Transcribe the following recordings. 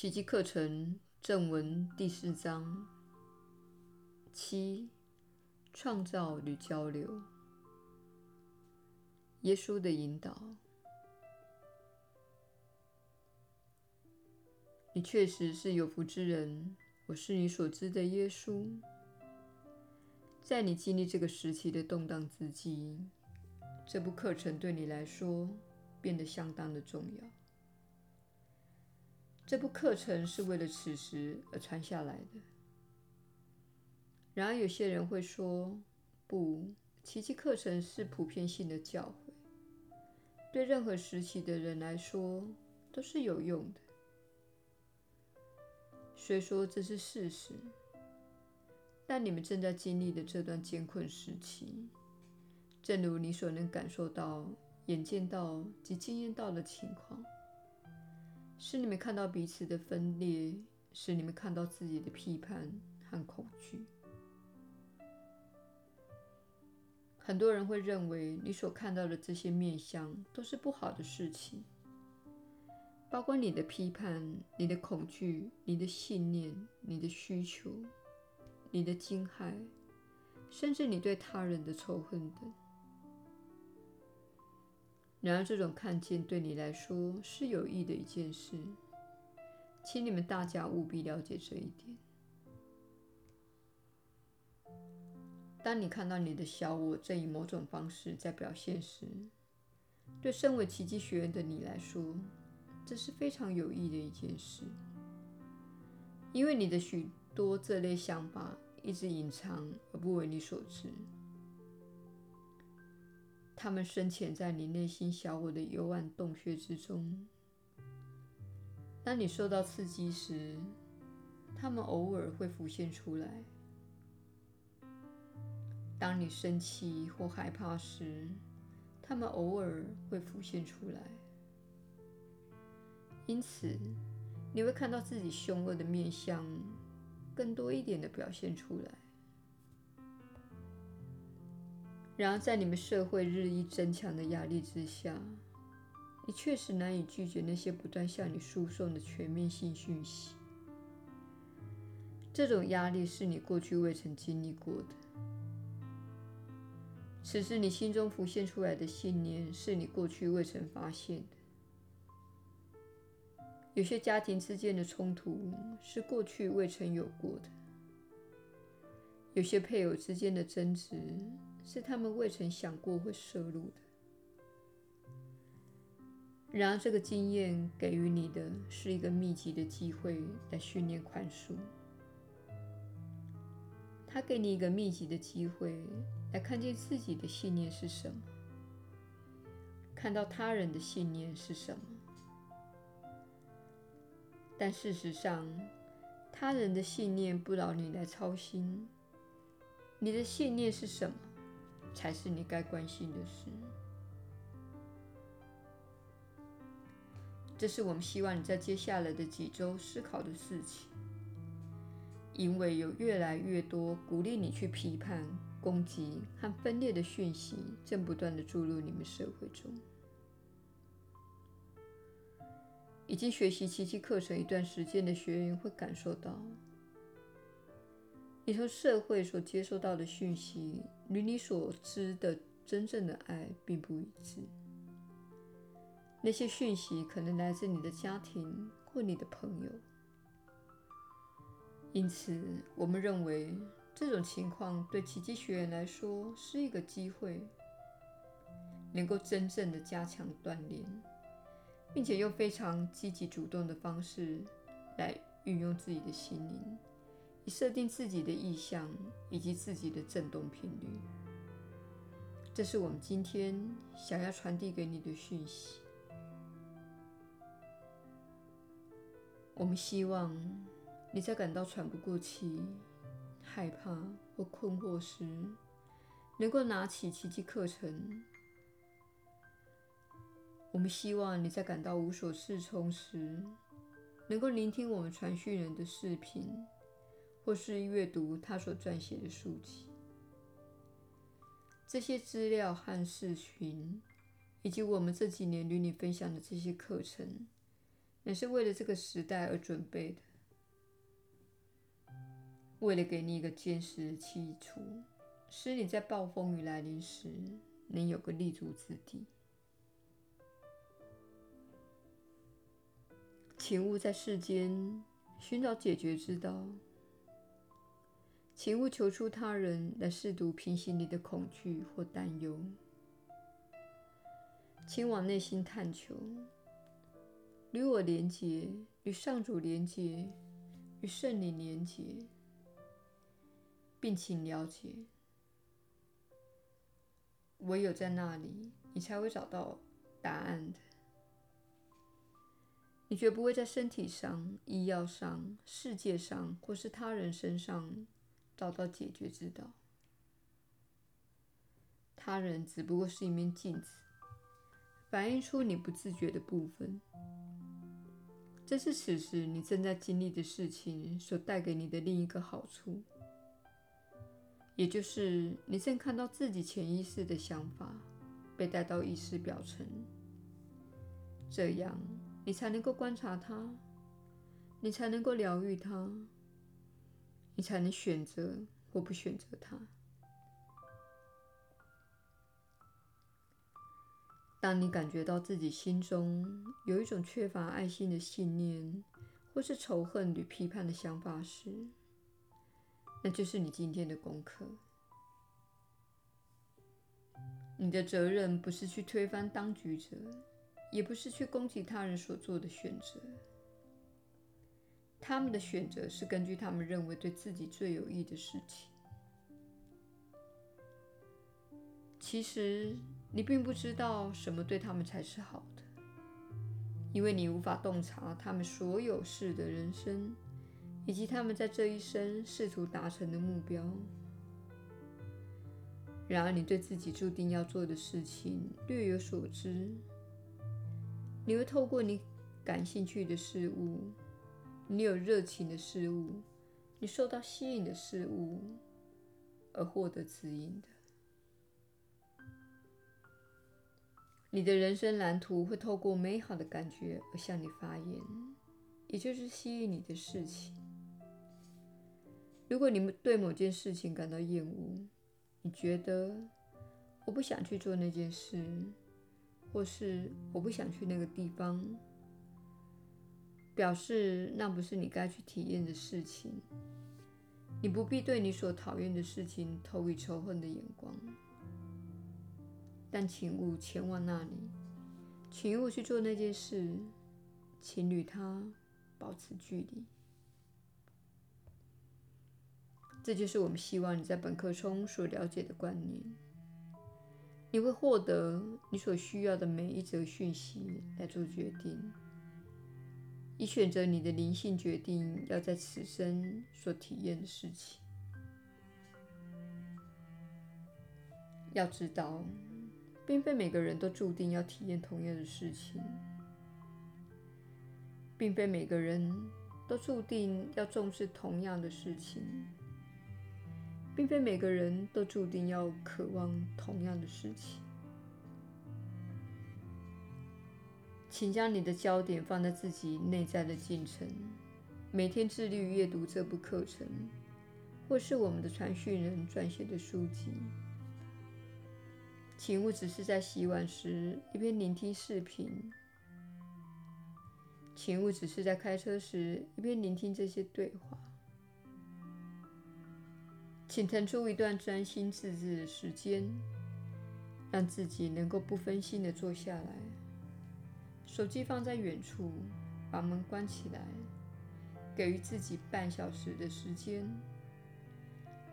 奇蹟課程正文第四章七創造與交流。耶穌的引導。你確實是有福之人。我是你所知的耶穌。在你經歷這個時期的動盪之際，這部課程對你來說變得相當的重要。這部課程是為了此時而傳下來的。然而，有些人會說：“不，奇蹟課程是普遍性的教誨，對任何時期的人來說都是有用的。”雖說這是事實，但你們正在經歷的這段艱困時期，正如你所能感受到、眼見到及經驗到的情況。使你們看到彼此的分裂，使你們看到自己的批判和恐懼。很多人會認為你所看到的這些面向都是不好的事情，包括你的批判、你的恐懼、你的信念、你的需求、你的驚駭，甚至你對他人的仇恨等。然而，這種看見對你來說是有益的一件事，請你們大家務必了解這一點。當你看到你的小我正以某種方式在表現時，對身為奇蹟學員的你來說，這是非常有益的一件事，因為你的許多這類想法一直隱藏而不為你所知。他們深潛在你內心小我的幽暗洞穴之中。當你受到刺激時，他們偶爾會浮現出來；當你生氣或害怕時，他們偶爾會浮現出來。因此，你會看到自己兇惡的面向更多一點的表現出來。然而，在你們社會日益增強的壓力之下，你確實難以拒絕那些不斷向你輸送的全面性訊息。這種壓力是你過去未曾經歷過的。此時，你心中浮現出來的信念是你過去未曾發現的。有些家庭之間的衝突是過去未曾有過的。有些配偶之間的爭執，是他們未曾想過會涉入的。然而，這個經驗給予你的是一個密集的機會來訓練寬恕。它給你一個密集的機會來看見自己的信念是什麼，看到他人的信念是什麼。但事實上，他人的信念不勞你來操心。你的信念是什麼，才是你該關心的事。這是我們希望你在接下來的幾週思考的事情，因為有越來越多鼓勵你去批判、攻擊和分裂的訊息，正不斷地注入你們社會中。已經學習奇蹟課程一段時間的學員會感受到，你從社會所接收到的訊息。與你所知的真正的愛並不一致。那些訊息可能來自你的家庭或你的朋友，因此我們認為這種情況對奇蹟學員來說是一個機會，能夠真正的加強鍛鍊，並且用非常積極主動的方式來運用自己的心靈。設定自己的意向以及自己的振動頻率，這是我們今天想要傳遞給你的訊息。我們希望你在感到喘不過氣、害怕或困惑時，能夠拿起奇蹟課程。我們希望你在感到無所適從時，能夠聆聽我們傳訊人的視頻。或是閱讀她所撰寫的書籍，這些資料和視頻，以及我們這幾年與你分享的這些課程，也是為了這個時代而準備的，為了給你一個堅實的基礎，使你在暴風雨來臨時能有個立足之地。請勿在世間尋找解決之道。請勿求諸他人來試圖平息你的恐懼或擔憂。請往內心探求，與我連結，與上主連結，與聖靈連結，並請了解：唯有在那裡，你才會找到答案的。你絕不會在身體上、醫藥上、世界上，或是他人身上，找到解決之道。他人只不過是一面鏡子，反映出你不自覺的部分。這是此時你正在經歷的事情所帶給你的另一個好處，也就是你正看到自己潛意識的想法被帶到意識表層，這樣你才能夠觀察它，你才能夠療癒它。你才能選擇或不選擇它。當你感覺到自己心中有一種缺乏愛心的信念，或是仇恨與批判的想法時，那就是你今天的功課。你的責任不是去推翻當局者，也不是去攻擊他人所做的選擇。他們的選擇是根據他們認為對自己最有益的事情。其實你並不知道什麼對他們才是好的，因為你無法洞察他們所有世的人生，以及他們在這一生試圖達成的目標。然而，你對自己注定要做的事情略有所知，你會透過你感興趣的事物。你有熱情的事物，你受到吸引的事物，而獲得指引的。你的人生藍圖會透過美好的感覺而向你發言，也就是吸引你的事情。如果你對某件事情感到厭惡，你覺得我不想去做那件事，或是我不想去那個地方。表示那不是你該去體驗的事情。你不必對你所討厭的事情投以仇恨的眼光，但請勿前往那裡，請勿去做那件事，請與它保持距離。這就是我們希望你在本課中所了解的觀念。你會獲得你所需要的每一則訊息來做決定。以選擇你的靈性決定要在此生所體驗的事情。要知道，並非每個人都注定要體驗同樣的事情，並非每個人都注定要重視同樣的事情，並非每個人都注定要渴望同樣的事情。請將你的焦點放在自己內在的進程，每天致力於閱讀這部課程，或是我們的傳訊人撰寫的書籍。請勿只是在洗碗時一邊聆聽視頻，請勿只是在開車時一邊聆聽這些對話。請騰出一段專心致志的時間，讓自己能夠不分心地坐下來。手機放在遠處，把門關起來，給予自己半小時的時間。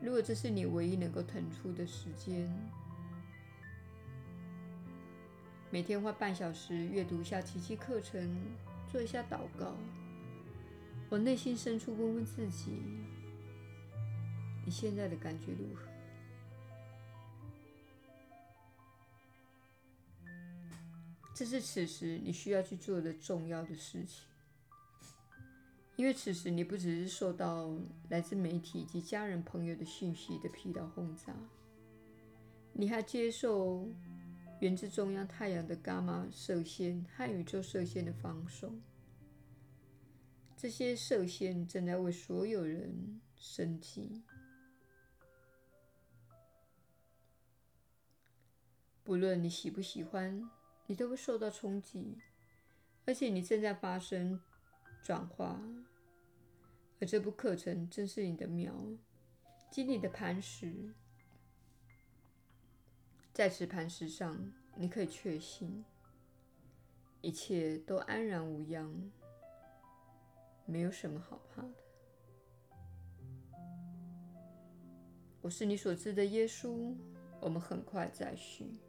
如果這是你唯一能夠騰出的時間，每天花半小時閱讀一下奇蹟課程，做一下禱告。往內心深處問問自己：你現在的感覺如何？這是此時你需要去做的重要的事情，因為此時你不只是受到來自媒體及家人朋友的信息的疲勞轟炸，你還接受源自中央太陽的伽馬射線和宇宙射線的放送，這些射線正在為所有人升級，不論你喜不喜歡。你都會受到衝擊，而且你正在發生轉化，而這部課程正是你的苗，經歷的磐石，在此磐石上，你可以確信，一切都安然無恙，沒有什麼好怕的。我是你所知的耶穌，我們很快再續。